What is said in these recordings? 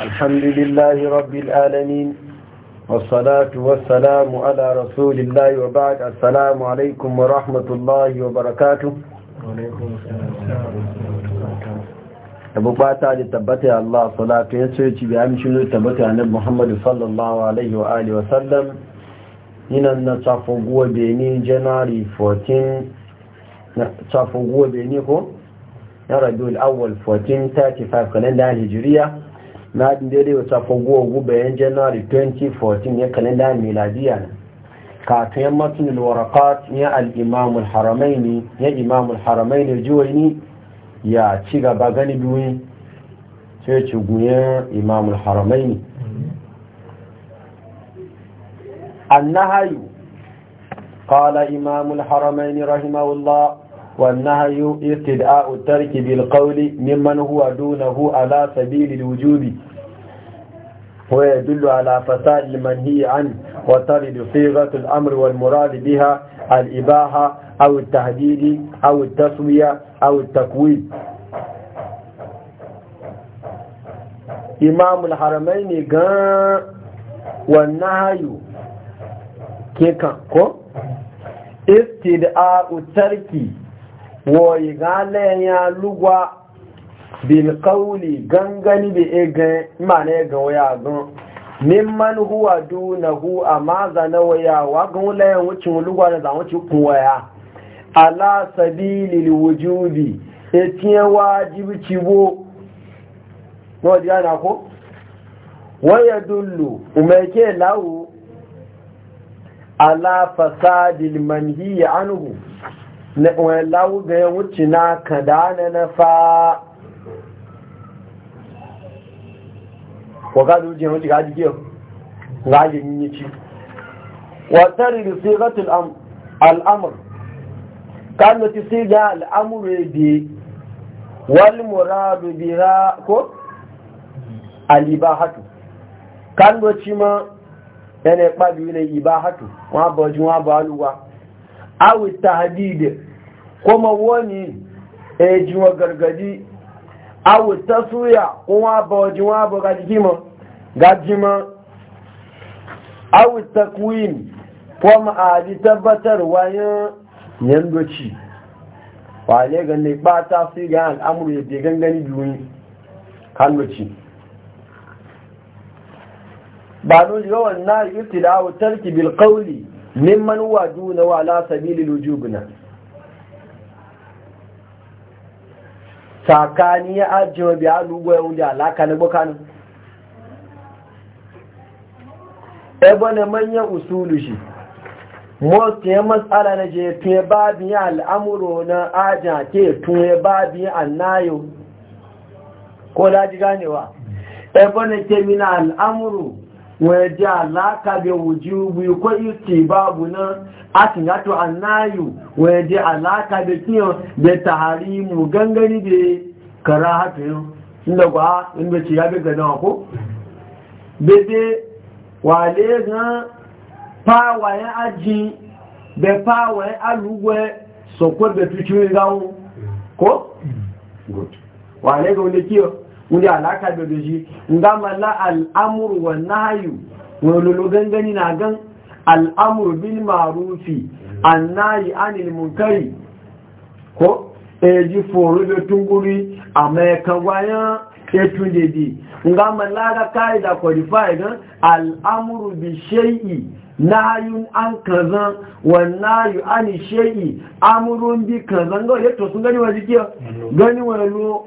الحمد لله رب العالمين والصلاة والسلام على رسول الله وبعد السلام عليكم ورحمة الله وبركاته وعليكم السلام ورحمة الله صلاة ينسويت بأمشن لتبتي عن محمد صلى الله عليه وآله وسلم هنا نتفقوا بيني جناري فوتين نتفقوا بينيكم نرى الأول فوتين تاتي فاقلين لها الهجرية na daidai guwa guba yan january 2014 ya kalenda miladiya na. kafin ya matun warakat ya al'imamul haramaini ya imamul haramaini ni ya ci gaba gani duni sai ci guyen imamul haramaini annahayu hayu kala الحرمين haramaini rahimahullah والنهي استدعاء الترك بالقول ممن هو دونه على سبيل الوجوب ويدل على فساد المنهي عنه وترد صيغة الأمر والمراد بها الإباحة أو التهديد أو التسوية أو التكويد إمام الحرمين قال والنهي كيكا استدعاء الترك wọ̀yìgánlẹ̀ ya lúgbà bilkauli gangani da egan mana egan waya gan mimman huwa dunahu a maza na waya wa gan wulayen wucin lugwa na zamuci kun waya ala sabili wujubi etinye wajibi cibo wadda yana ko waya dullu umarke lawu ala fasadil manhiya anhu wani da ya wuce na kadana na fa wakadu wuce wuce ga jikiyar ga ajiyar yi ci watar da sigatul al'amur kanu ti siga al'amuru bi wal muradu bira ko alibahatu kan ci ma yana kpabi ne ibahatu wa bajin wa ba aluwa awi tahdid kuma wani ejiwa eh, gargadi awi tasuya kuma ba wajiwa ba ga jima ga jima awi takwin kuma a ji tabbatar wayan yandoci ba ne ga ne ba ta su ga al'amuru ya ke gangani duni kalmaci ba nuni yawan na yi tilawa tarki bil mimman wadu na wala sabili lujubuna tsakani ya ajiyar biya lugwai wunde alaka na bukanin ebe na manyan usulu shi most ya matsala na je tuye babiyan al'amuro na ajiya ke tuye babiyan annayo ko daji ganewa ebe na ke mina al'amuro wọ́n jẹ́ alákàbẹ̀ òjú gbí kó ìtì báàbù náà a ti yàtọ̀ annáyù wọ́n jẹ́ alákàbẹ̀ kíyàn da tààrí mú gangani da kara haka yau inda kwa inda ci ya bi gada wako bebe wale gan fawayen aji da fawayen alugwe sokwe da tuci gawon ko? wale ga wanda kiyo wuri alaka da doji nga mala al'amuru wa nahayu wani gangani na gan al'amuru bin marufi an nayi anil munkari ko eji foru da tunguri a mai kagwayan etun dede nga mala da kai da kwalifai gan al'amuru bi shai'i nahayun an kazan wa nayu an shai'i amurun bi kazan ga yadda tosu gani wa jikiya gani wani yalo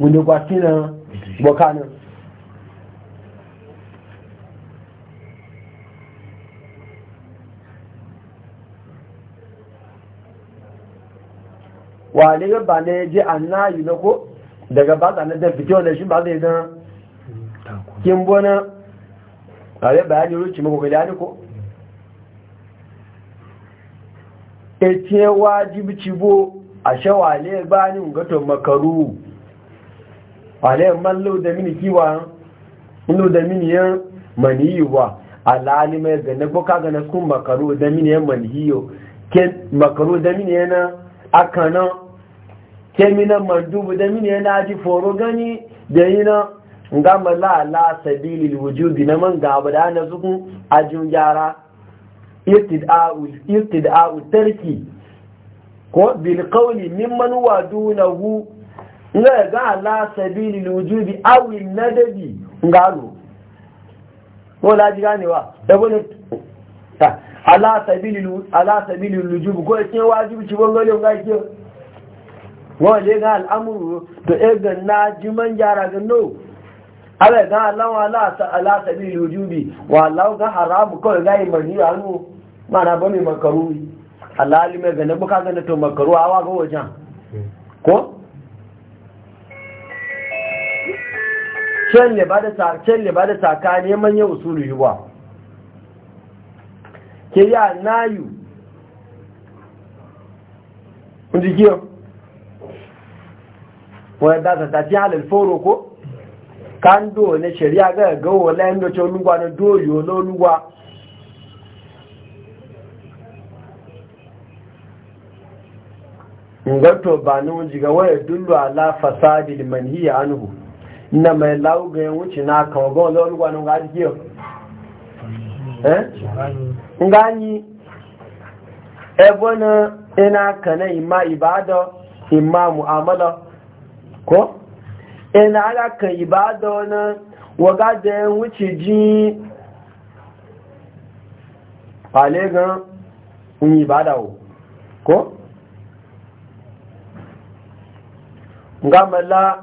wani kwaki na bokanin wale ba ne je annayi na ko daga ba na da fito da shi ba zai na kin bona are bayani ruci mako ga dani ko e ce wajibi cibo a shawale ba ni ga to makaru alayar man da mini kiwa lau da mini yan maniyuwa alalimai ga na boka ga na sun makaru da mini yan maniyo makaru da mini yana akana kemina mandubu da mini yana aji foro gani da yana nga mala la sabilil wujudi na man gaba da na sukun ajin gyara irtida'u tarki ko bil qawli na hu. nga ga ala sabili lujubi aw nadabi ngalo ko la ji gane wa da bane ala sabili ala sabili lujubi ko ce wajibi ci bongo le nga ke wa le ga al'amuru to e ga na ji man jara ga no ala ga ala ala ala sabili lujubi wa law ga haramu ko ga yi mani anu mana ba mai makaru halali mai ga na buka ga na to makaru awa ga wajen ko can ne ba da neman manyan usulu yi ba ke yi a nayu jikiyo Wani da ta fi halin foro ko kando na shari'a ga gawo layan da ce lugwa na dori lugwa ngato ba ni jiga waya dullu ala fasadi liman anhu na mai lauga wuce na kawo ga wani olugwa na ngaji kiyo nganyi ebe na ina kana ima ibada ima mu'amala ko ina ala ka ibada na waga da wuce ji falegan un ibada wo ko gamala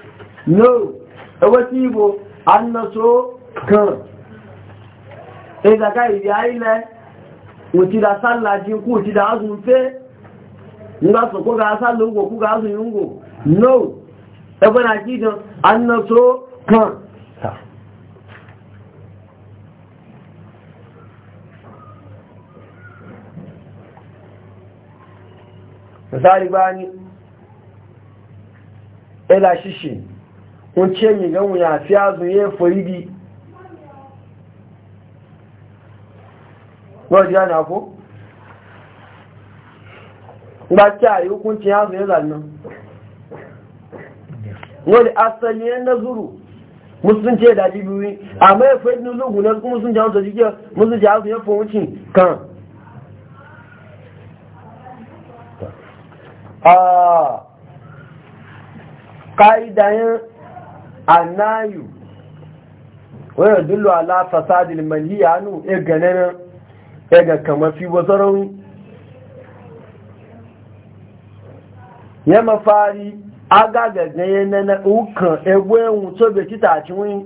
no ẹwọ́ tí ìbò annaso kan ẹzàká ìdí ayílẹ̀ òtídà sálàjí kú òtídà azùn fẹ́ nígbà sọ̀kọ́ ga sálà ń gò ko ga azùn yìí ń ngo. no ẹgbẹ́ na kí ìdán annaso kan misali bani ila shishin. wọ́n tí èyí gan yà fi áàzùn yẹ́ fòrí bí wọ́n jẹ́ àná kó gba kí àyíkún tí áàzùn yẹ́ zànà wọ́n asali yẹ́ na zuru musulun ce da jibiwi amma ya fai nuna gunar kuma ya kan Ah. ƙa'idayen anayu wani dillo ala fasadil manhiya anu ya gane na ya ga kama fi wasu ya mafari agagagaye na na ukan egwe wuce bai ci taci wani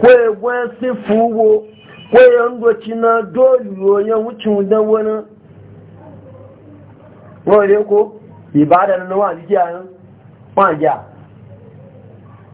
ko egwe si fuwo ko ya ngoci na doliyo ya wuce wudan wani wani ko ibada na wani jiya wani jiya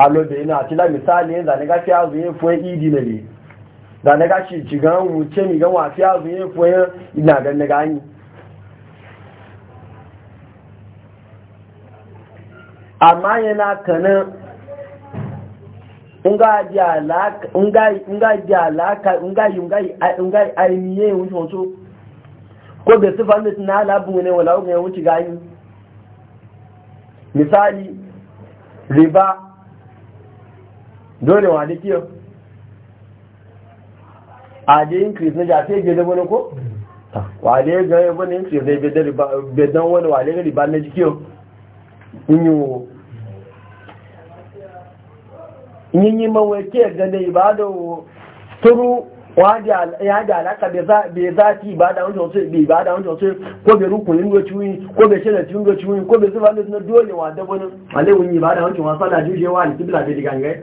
a lobe ina ci da misali yin zanega fi a zuyin fuwa idi na ne zanega shi ci gan wuce mi gan wafi a zuyin fuwa ina gan na gani amma yana tana nga di alaka nga nga di alaka nga yunga nga ayniye wuto so ko da sifan da tana la bu ne wala ga wuti gani misali riba dole wa dake a da increase na jafe gida wani ko mm. wale ga yabo ne increase ne bedan wani wale ga riba na jike inyo inyi mawake ga ibada turu ya ga alaka bai zafi ibada wancan ibada wancan wasu ko rukunin ga ciwuyi ko bai shirin ciwun ga ko bai zuba na dole wa dabonin alewun ibada wancan wasu na jujewa da kibla digangai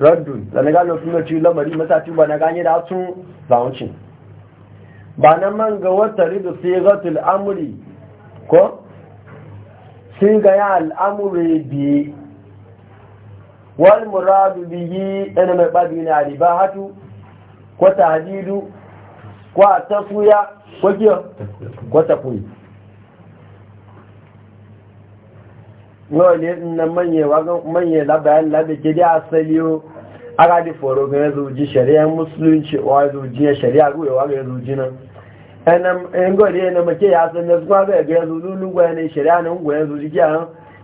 raddun da na gano suna ci lamari masaci ba na ganye da sun zaunci ba na man ga wata rido sai zatul al'amuri ko sai ga ya al'amuri biye wani muradu biyi ɗana mai ɓabi na riba hatu ko tahdidu ko tafuya ko kiyo ko tafuyi wale na manye labayan labe ke asali o aka di foro ga yanzu ji shari'a musulunci wa yanzu ji shari'a ruwa wa ga yanzu ji na ɗan gori na mace ya san da suka ga ga yanzu na ne shari'a na ungwa yanzu ji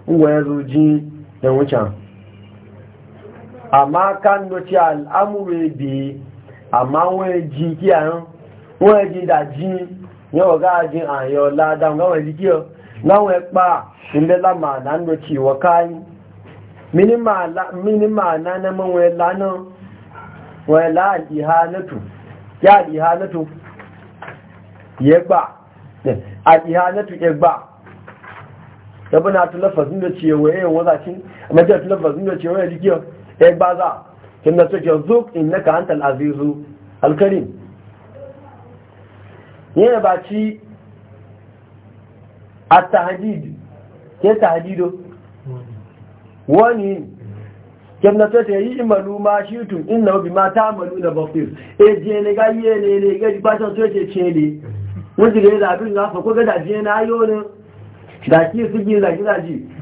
ungwa yanzu ji da amma kan bi amma wani ji wani ji da ji yawa ga ladan ji nan láwọn ẹ̀pá ìlẹ́lá màánà ń lọ́kì wọ́káyí mínimàánà na mọ́ wọn ẹ̀lá náà wọn ẹ̀lá àdìhánẹ́tù yá àdìhánẹ́tù yẹgbà àdìhánẹ́tù yẹgbà yabon na tulafazin da ce waye yin wazakin a majiyar tulafazin da ce waye jikiyar yagba za Kin e na suke zuk in na ka hantar azizu alkarim yana ba ci التهديد كيف تهديده wani kemnato ta yi imalu ma shi tun inna bi ma ta amalu da basir e je ne ga ye ne ne ga ba ta so ce ce ne wanda da bin na fa ko da gi da ji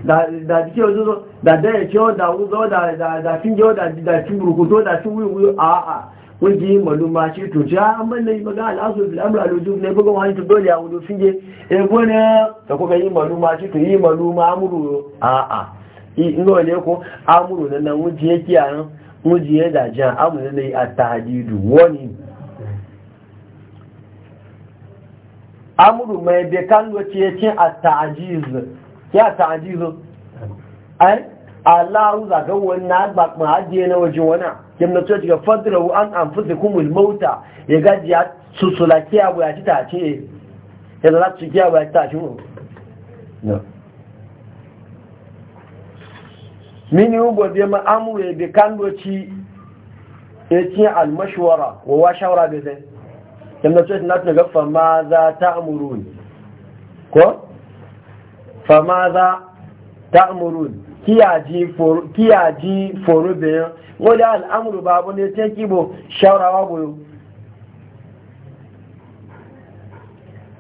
da da dike da da ya ce da u da da da fin jo da da fin da su wuyu a a wajen maluma ce to ja manna yi maga al'asu fil amra lutu ne bugan wani to dole a wudu finge e gona da kuka yi maluma ce to yi maluma amuru a a ino ne ko amuru nan nan wuje kiyayen wuje amuru ne a tahdidu wani amuru mai da kan wace ce a ta'jiz ya ai Allah ga na ba ma na wajen yamna to ga wa an anfusikum al-mauta ya gaji ya susulaki abu ya ta ce ya zara su ki abu ya ta shi no mini ugbo zai ma amure bi kandoci e ya e ci mashwara wa wa shawara da zai yamna to na tuna gafa ma za ta amuruni ko fa ma za ta amuruni kiyaji foro bayan wani al'amuru babu ne ta kibo shawarawa goyo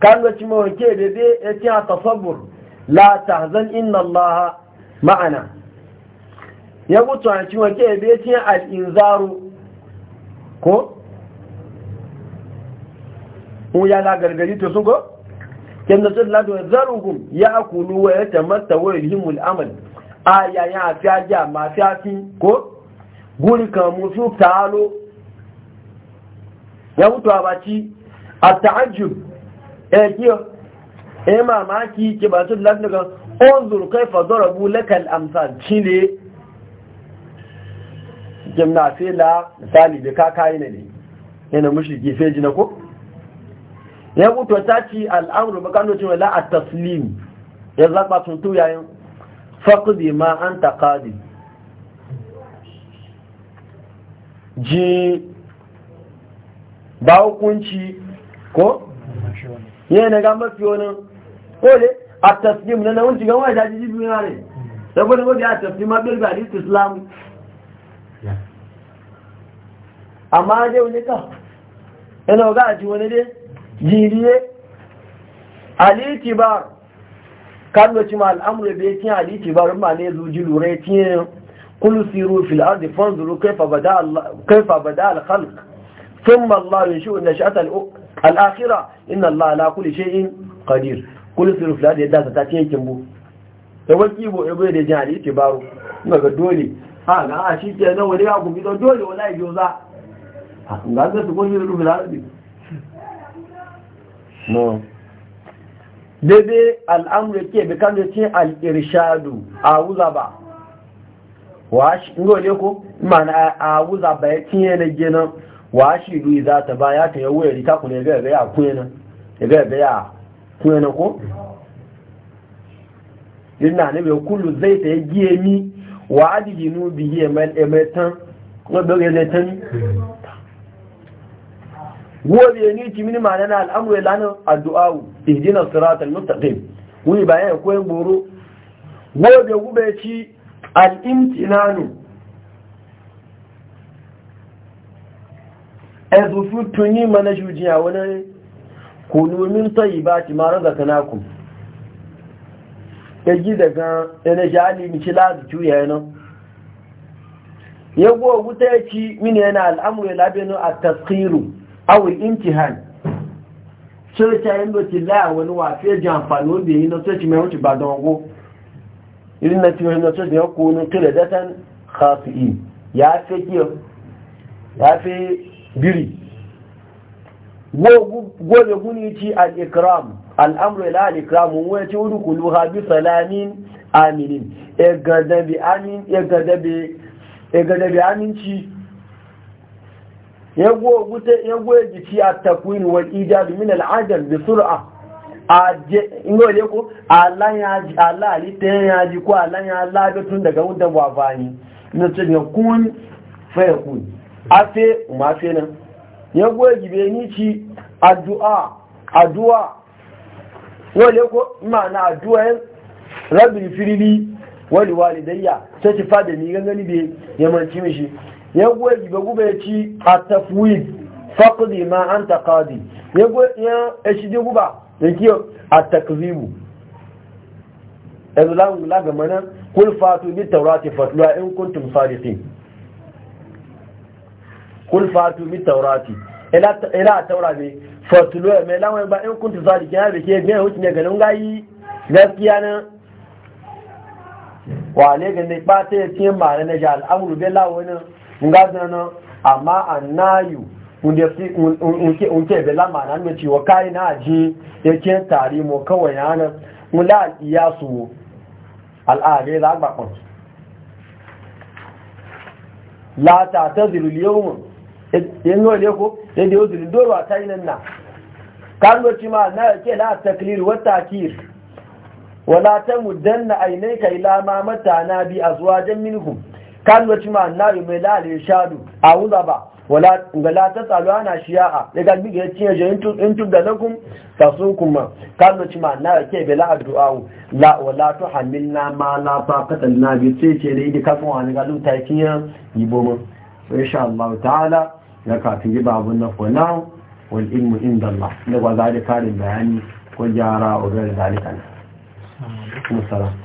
kan ga cimo ke bebe ya ce a tasabbur la tahzan inna allaha ma'ana ya mutu a cimo ke bebe ce al'inzaru ko? ya la gargari to sun ko? kyan da sun lado zarukun ya akulu wa ya tamatta wa yulhimul amal ayayen àti ajá masu ati ko guri kan musu taro ya mutu a baci a ta'ajjub ya eh, kiyo ya eh, mamaki ke ba su lafnukan onzur kai fazora bu lakal amsal shi ne gimnasela misali da kakayi ne ne yana mushi sai ji na ko ya mutu ta ci al'amuru bakanocin wala a taslim ya zaɓa tuntu yayin faƙubi ma an taƙadi ji ba hukunci ko? yana ga mafi wani ƙole a taslim na nawunci ga wani daji jibi na ne saboda mafi a taslim abin da hadis islam amma dai wani ka yana ga a ji wani dai jiriye alitibar kano ci ma al'amuru bai cin hadisi ba rumma ne zuji lura cin kulu siru fil ardi fanzuru kaifa bada al-khalq thumma Allah yashu nashata al-akhirah inna Allah ala kulli shay'in qadir kulu siru fil ardi da ta cin kimbo da waki bo ebe da jin hadisi baro ga dole ha ga a shi ke nan wani ya ku gidan dole wallahi ha ga ga su ko da rubu al-ardi no dabe al'amuri ke bi kan yace a wuza ba washi ngole ko mana a wuza ba ya tinye na gina washi du za ta ba ya ta yawo yari ta ku ne ga ga ya kuyena ga ga ya na ko dinna ne mai kullu zai ta giye mi wa adidinu bihi mal ematan ko doge zai tan huwa bi yaniki min ma'ana al'amru ya lanin addu'a ihdina sirat al-mustaqim wani bayan koyin goro gobe gube ci al-imtinanu azufu tuni mana shujiya wani kunumin tayyibati ma razaqnakum yaji daga yana jali mi ci lazu tuya yana yago ya ci mini yana al'amru ya labinu at-tasqiru awul intihan so ta yin loti laya wani wafe ji amfani wanda yi na soci mai wuce ba don wo irin na ti no so ti o ko no kira datan khafi ya fi o ya fi biri wo wo le guni ti al-ikram al amru ila al-ikram wani ci wudu kulu ha bi salamin aminin e amin e e gada bi aminci yagwo ci a takwin wa ijadu min al'adar da sur'a ingole ko Allah halitta ya ji ko Allah ya labe tun daga wunda wafani na ce ya kun faya kun fe mafe nan yagwo gibe ni ci addu'a addu'a wale ko ma'ana addu'a yan rabbi firili wali walidayya sai ci fada ni gangani be yamanci mishi ya gwaji ba gube ci a tafwid faqdi ma anta qadi ya ya shi guba ya kiyo a takzibu yanzu lagun la ga mana kul fatu bi tawrati fatluha in kuntum sadiqin kul fatu bi taurati, ila ila tawra bi fatluha me lawan ba in kuntum sadiqin ba ke biyan hukunci ne ganin gayi gaskiya na Wa ga ganin ba ta yi yace ma na ja al'amru bi lawanin nga zana amma annayu unke bela mana mai cewa kayi na aji yake tari mo kawai yana mula iya su al'are za ba kun la ta ta ziru yawon e, yin yau ne ko yadda e yau ziru doro a nan na ci ma na yake la taklir wa takir wala ta mudanna ainihin ila ma mata na bi a zuwa jan minhum kan wacce ma na yi mai lalai shaɗu a wuza ba la ta tsalo ana shiya'a ya galbi ga cinye je in tun da nakun taso kuma kan wacce ma na ke bela addu'a la wala to hamil na ma la fa katan na bi sai ce da idi kafin wani galu ta kinya yi boma insha Allah ta'ala ya kafin yi babu na for wani wal ilmu inda Allah da ba za karin bayani ko gyara o da zalika ne.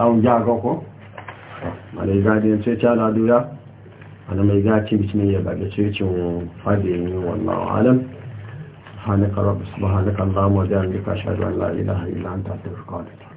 tsawon ja ga ko malai gadi ce ta na dura ana mai gaci bismi ya gaga ce ce fadi ni wallahu alam hanaka rabb subhanaka allahumma ja'alni ka ashhadu an la ilaha illa anta astaghfiruka wa atubu